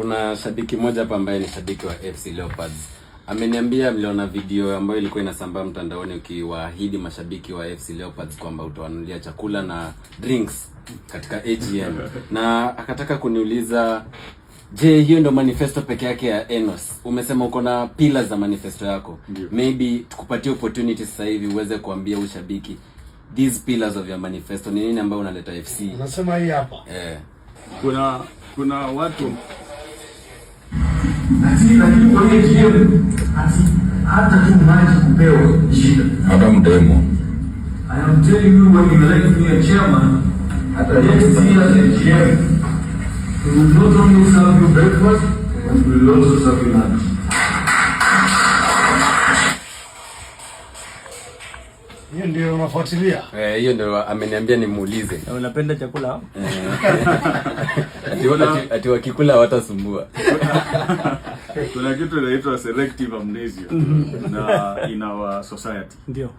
kuna shabiki moja hapa ambaye ni shabiki wa FC Leopards ameniambia mliona video ambayo ilikuwa inasambaa mtandaoni ukiwaahidi mashabiki wa FC Leopards kwamba utawanulia chakula na drinks katika AGM na akataka kuniuliza Je, hiyo ndo manifesto peke yake ya Enos? Umesema uko na pillars za manifesto yako. Yeah. Maybe tukupatie opportunity sasa hivi uweze kuambia ushabiki these pillars of your manifesto ni nini ambayo unaleta FC? Unasema hii hapa. Eh. Kuna kuna watu lakini lakini kwa hiyo GM ati hata tu maji kupewa shida. Madam Demo, I am telling you when you elect me a chairman at the next year a GM, we will not only serve you Hiyo ndio unafuatilia? Eh, hiyo ndio ameniambia nimuulize. Eh, unapenda chakula? Eh. wala Ati wakikula watasumbua. Kuna kitu inaitwa selective amnesia mhm. na in our society. Ndio.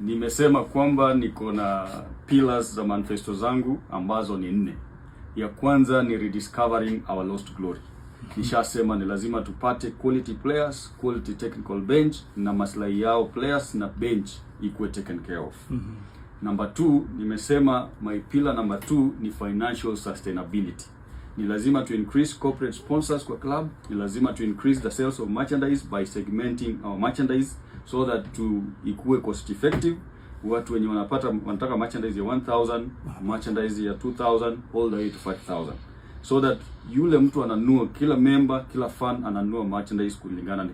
Nimesema kwamba niko na pillars za manifesto zangu ambazo ni nne. Ya kwanza ni rediscovering our lost glory nishasema ni lazima tupate quality players, quality technical bench, na maslahi yao players na bench ikuwe taken care of. mm -hmm. Number two, nimesema my pillar number 2 ni financial sustainability. Ni lazima to increase corporate sponsors kwa club, ni lazima to increase the sales of merchandise by segmenting our merchandise so that to ikuwe cost effective watu wenye wanapata wanataka merchandise ya 1000 merchandise ya 2000 all the way to 5000 so that yule mtu ananua, kila member, kila fan ananua merchandise kulingana na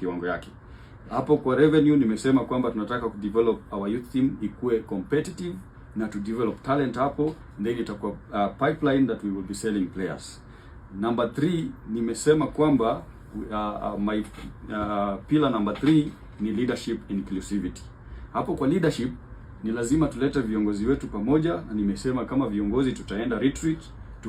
kiwango yake. Hapo kwa revenue nimesema kwamba tunataka ku develop our youth team ikue competitive na to develop talent hapo, then itakuwa uh, pipeline that we will be selling players. Number 3 nimesema kwamba uh, uh, my uh, pillar number 3 ni leadership inclusivity. Hapo kwa leadership ni lazima tulete viongozi wetu pamoja, na nimesema kama viongozi tutaenda retreat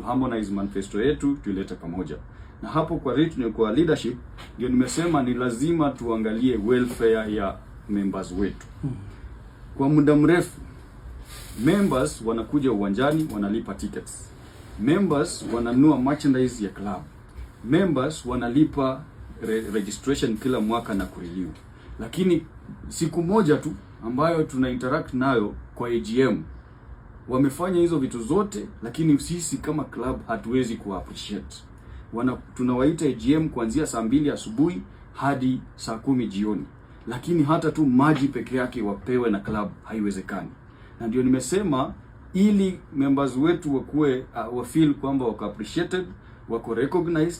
harmonize manifesto yetu tuilete pamoja. Na hapo kwa written, kwa leadership ndio nimesema ni lazima tuangalie welfare ya members wetu. Hmm. Kwa muda mrefu members wanakuja uwanjani, wanalipa tickets. Members wananua merchandise ya club. Members wanalipa re registration kila mwaka na kurenew. lakini siku moja tu ambayo tuna interact nayo kwa AGM wamefanya hizo vitu zote, lakini sisi kama club hatuwezi ku appreciate wana. Tunawaita AGM kuanzia saa mbili asubuhi hadi saa kumi jioni, lakini hata tu maji peke yake wapewe na club haiwezekani, na ndio nimesema ili members wetu wakuwe uh, wafeel kwamba wako appreciated, wako recognized.